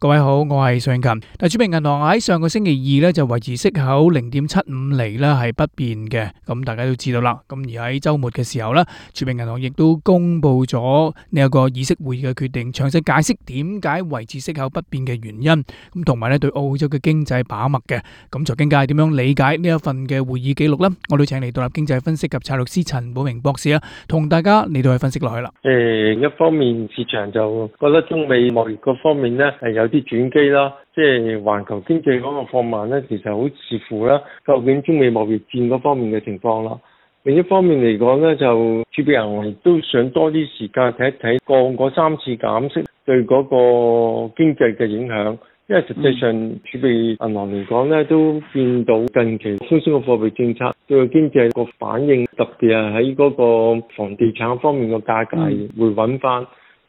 各位好，我係常琴。但係儲備銀行喺上個星期二咧就維持息口零點七五厘咧係不變嘅。咁大家都知道啦。咁而喺周末嘅時候咧，儲備銀行亦都公布咗呢一個議息會議嘅決定，詳細解釋點解維持息口不變嘅原因，同埋咧對澳洲嘅經濟把脈嘅。咁財經界點樣理解呢一份嘅會議記錄咧？我哋請嚟獨立經濟分析及策略師陳寶明博士啊，同大家嚟到去分析落去啦。誒，一方面市場就覺得中美貿易各方面咧係有。啲轉機啦，即係環球經濟嗰個放慢咧，其實好似乎咧，究竟中美貿易戰嗰方面嘅情況啦。另一方面嚟講咧，就儲備銀行都想多啲時間睇一睇降嗰三次減息對嗰個經濟嘅影響，因為實際上儲備銀行嚟講咧，都見到近期鬆鬆嘅貨幣政策對經濟個反應，特別係喺嗰個房地產方面個價格會穩翻。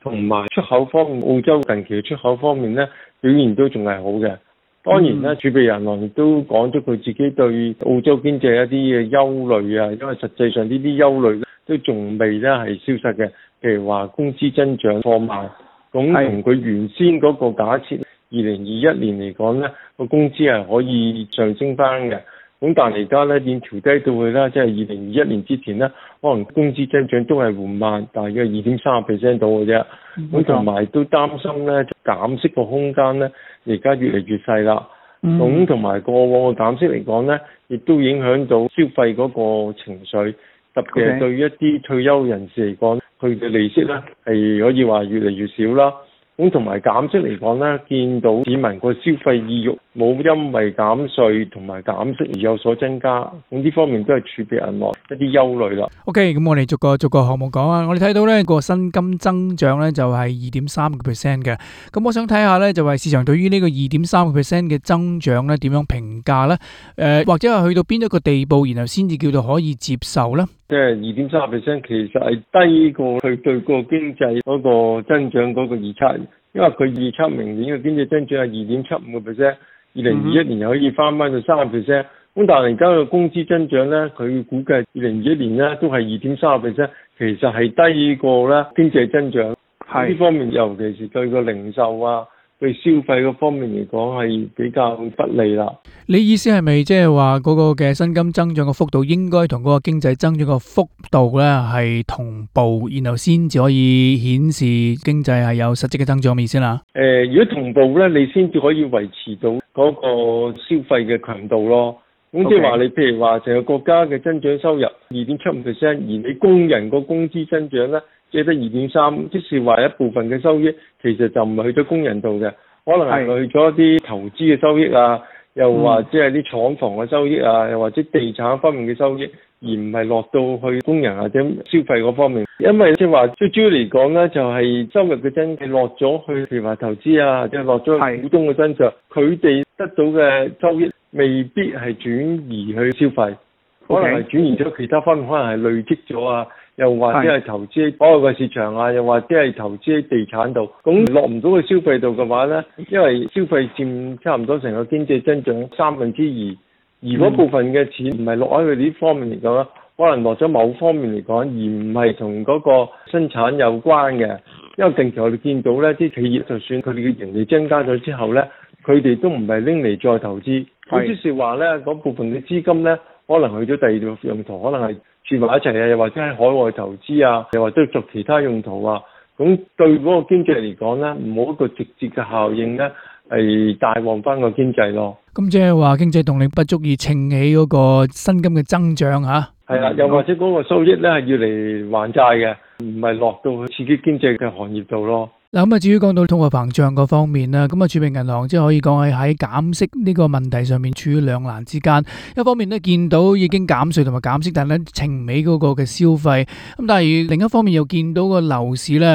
同埋出口方面，澳洲近期出口方面咧表現都仲係好嘅。當然啦，嗯、儲備銀行亦都講咗佢自己對澳洲經濟一啲嘅憂慮啊，因為實際上呢啲憂慮呢都仲未咧係消失嘅，譬如話工資增長放慢，咁同佢原先嗰個假設二零二一年嚟講咧個工資係可以上升翻嘅。咁但係而家咧，已調低到去啦，即係二零二一年之前咧，可能工資增長都係緩慢，大約二點三十 percent 到嘅啫。咁同埋都擔心咧，減息個空間咧，而家越嚟越細啦。咁同埋過往個減息嚟講咧，亦都影響到消費嗰個情緒，特別係對於一啲退休人士嚟講，佢嘅利息咧係可以話越嚟越少啦。咁同埋減息嚟講咧，見到市民個消費意欲冇因為減稅同埋減息而有所增加，咁呢方面都係儲備銀行嘅一啲憂慮啦。OK，咁我哋逐個逐個項目講啊。我哋睇到咧個薪金增長咧就係二點三個 percent 嘅。咁我想睇下咧就係市場對於呢個二點三個 percent 嘅增長咧點樣評價咧？誒、呃、或者係去到邊一個地步，然後先至叫做可以接受咧？即係二點三個 percent，其實係低過佢對個經濟嗰個增長嗰個預測。因為佢預測明年嘅經濟增長係二點七五個 percent，二零二一年又可以翻翻到三十 percent，咁但係而家嘅工資增長咧，佢估計二零二一年咧都係二點三十 percent，其實係低過咧經濟增長，呢是方面尤其是對個零售啊，對消費嗰方面嚟講係比較不利啦。你意思係咪即係話嗰個嘅薪金增長嘅幅度應該同嗰個經濟增長嘅幅度咧係同步，然後先至可以顯示經濟係有實質嘅增長？嘅意思誒、呃，如果同步咧，你先至可以維持到嗰個消費嘅強度咯。咁即係話你譬如話成個國家嘅增長收入二點七五 percent，而你工人個工資增長咧只得二點三，即、就是話一部分嘅收益其實就唔係去咗工人度嘅，可能係去咗一啲投資嘅收益啊，又或者係啲廠房嘅收益啊，又或者地產方面嘅收益，而唔係落到去工人或者消費嗰方面。因為即係話最主要嚟講咧，就係收入嘅增、啊、增長落咗去譬如話投資啊，即係落咗股東嘅身上，佢哋得到嘅收益。未必係轉移去消費，Okay. 可能係轉移咗其他方面，可能係累積咗啊，又或者係投資喺海外嘅市場啊，Yes. 又或者係投資喺地產度。咁落唔到去消費度嘅話呢，因為消費佔差唔多成個經濟增長三分之二，而嗰部分嘅錢唔係落喺佢哋呢方面嚟講，可能落咗某方面嚟講，而唔係同嗰個生產有關嘅。因為近期我哋見到呢啲企業就算佢哋嘅盈利增加咗之後呢，佢哋都唔係拎嚟再投資。有啲說話咧，嗰部分嘅資金咧，可能去咗第二度用途，可能係儲埋一齊啊，又或者喺海外投資啊，又或者做其他用途啊。咁對嗰個經濟嚟講咧，唔好一個直接嘅效應咧，係大旺翻個經濟咯。咁即係話經濟動力不足以撐起嗰個薪金嘅增長嚇、啊。係啦、啊、又或者嗰個收益咧係要嚟還債嘅，唔係落到去刺激經濟嘅行業度咯。嗱咁啊，至於講到通貨膨脹嗰方面啦，咁啊，儲備銀行即係可以講係喺減息呢個問題上面處於兩難之間。一方面咧見到已經減稅同埋減息，但係咧情美嗰個嘅消費，咁但係另一方面又見到個樓市咧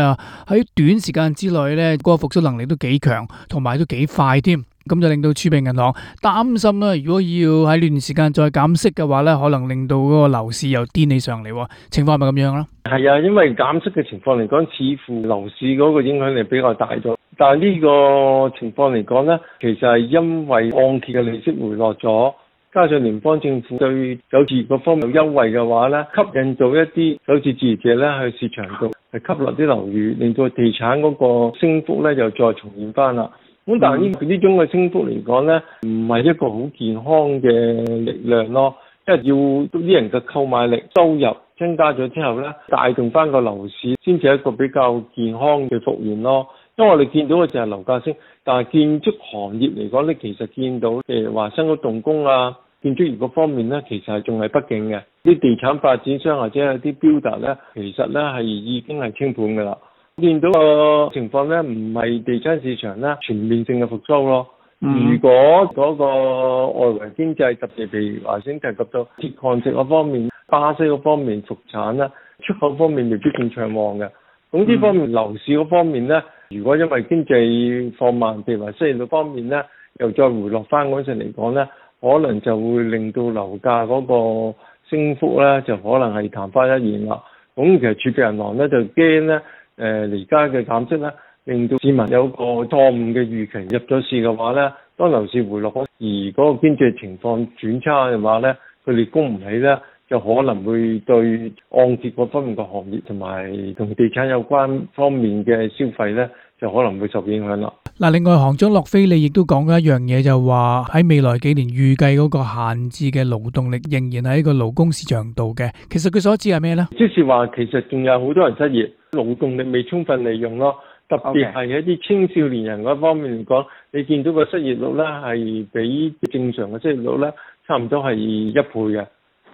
喺短時間之內咧個復甦能力都幾強，同埋都幾快添。咁就令到儲備銀行擔心啦。如果要喺呢段時間再減息嘅話咧，可能令到嗰個樓市又癲起上嚟。情況係咪咁樣咧？係啊，因為減息嘅情況嚟講，似乎樓市嗰個影響力比較大咗。但係呢個情況嚟講咧，其實係因為按揭嘅利息回落咗，加上聯邦政府對首次嗰方面有優惠嘅話咧，吸引到一啲首次置業者咧去市場度係吸納啲樓宇，令到地產嗰個升幅咧又再重現翻啦。咁、嗯、但係呢呢種嘅升幅嚟講咧，唔係一個好健康嘅力量咯，因為要啲人嘅購買力、收入增加咗之後咧，帶動翻個樓市先至一個比較健康嘅復原咯。因為我哋見到嘅就係樓價升，但係建築行業嚟講咧，其實見到例如話新嘅動工啊、建築業嗰方面咧，其實係仲係不景嘅。啲地產發展商或者係啲 builder 咧，其實咧係已經係清盤嘅啦。見到個情況咧，唔係地產市場啦，全面性嘅復蘇咯。嗯、如果嗰個外圍經濟，特別譬如我先提及到鐵礦石嗰方面、巴西嗰方面復產啦，出口方面未必咁暢旺嘅。咁呢方面樓、嗯、市嗰方面咧，如果因為經濟放慢，譬如話失業率方面咧，又再回落翻嗰陣嚟講咧，可能就會令到樓價嗰個升幅咧，就可能係曇花一現啦。咁其實儲備銀行咧就驚咧。誒，而家嘅減息咧，令到市民有個錯誤嘅預期，入咗市嘅話咧，當樓市回落，而嗰個經濟情況轉差嘅話咧，佢哋供唔起咧，就可能會對按揭嗰方面嘅行業同埋同地產有關方面嘅消費咧，就可能會受影響咯。嗱，另外行長洛菲利亦都講咗一樣嘢，就話喺未來幾年預計嗰個限制嘅勞動力仍然喺個勞工市場度嘅。其實佢所指係咩咧？即是話其實仲有好多人失業。勞動力未充分利用咯，特別係一啲青少年人嗰方面嚟講，Okay. 你見到個失業率啦，係比正常嘅失業率啦，差唔多係一倍嘅。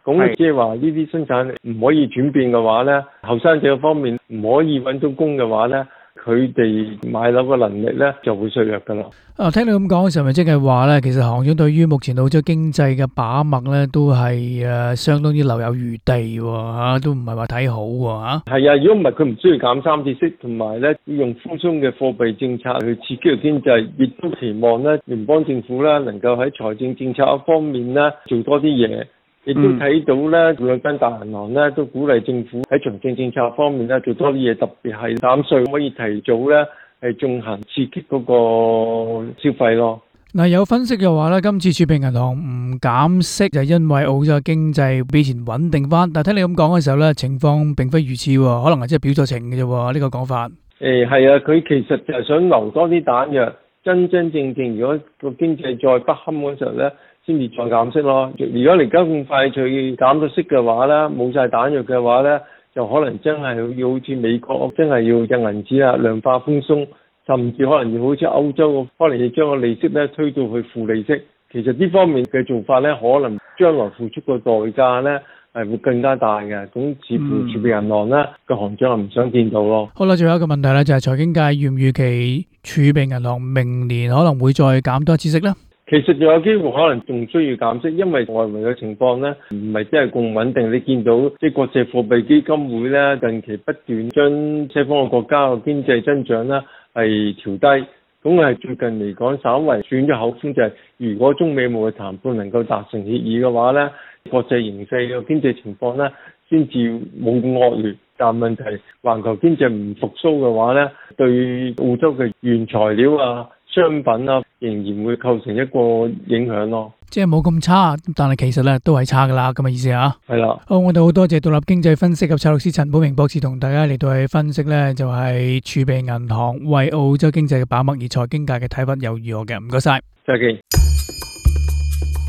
咁即係話呢啲生產力唔可以轉變嘅話咧，後生者方面唔可以揾到工嘅話咧。佢哋買樓嘅能力咧就會削弱噶啦。啊，聽你咁講，是唔係即係話咧？其實行長對於目前澳洲經濟嘅把脈咧，都係誒相當之留有餘地喎，啊。都唔係話睇好喎。嚇，係啊。如果唔係，佢唔需要減三次息，同埋咧用寬鬆嘅貨幣政策去刺激經濟，亦都期望咧聯邦政府啦能夠喺財政政策方面咧做多啲嘢。亦都睇到咧，兩間大銀行咧都鼓勵政府喺財政政策方面咧做多啲嘢，特別係減稅可以提早咧係進行刺激嗰個消費咯。嗱，有分析嘅話咧，今次儲備銀行唔減息就因為澳洲經濟比前穩定翻。但係聽你咁講嘅時候咧，情況並非如此喎，可能係即係表錯情嘅啫喎，呢、這個講法。誒係啊，佢其實係想留多啲彈藥。真真正正，如果個經濟再不堪嗰時候咧。先再減息咯。如果而家咁快脆減到息嘅話咧，冇晒彈藥嘅話咧，就可能真係要好似美國，真係要印銀紙啊，量化寬鬆，甚至可能要好似歐洲，可能要將個利息咧推到去負利息。其實呢方面嘅做法咧，可能將來付出個代價咧，係會更加大嘅。咁似乎儲備銀行咧嘅行長唔想見到咯。嗯、好啦，最後一個問題咧，就係、是、財經界預唔預期儲備銀行明年可能會再減多少息咧？其實又有機會可能仲需要減息，因為外圍嘅情況咧唔係真係咁穩定。你見到啲國際貨幣基金會咧近期不斷將西方嘅國家嘅經濟增長咧係調低，咁係最近嚟講稍為轉咗口風，就係如果中美冇嘅談判能夠達成協議嘅話咧，國際形勢嘅經濟情況咧先至冇咁惡劣。但問題環球經濟唔復甦嘅話咧，對澳洲嘅原材料啊、商品啊，仍然會構成一個影響咯、哦，即係冇咁差，但係其實咧都係差噶啦，咁、這、嘅、個、意思啊？係啦的，好，我哋好多謝獨立經濟分析及策略師陳寶明博士同大家嚟到去分析咧，就係、是、儲備銀行為澳洲經濟嘅把脈，而財經界嘅睇法又如何嘅，唔該晒，再見。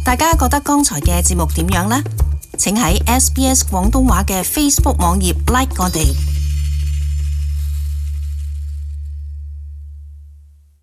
大家覺得剛才嘅節目點樣呢？請喺 SBS 廣東話嘅 Facebook 網頁 like 我哋。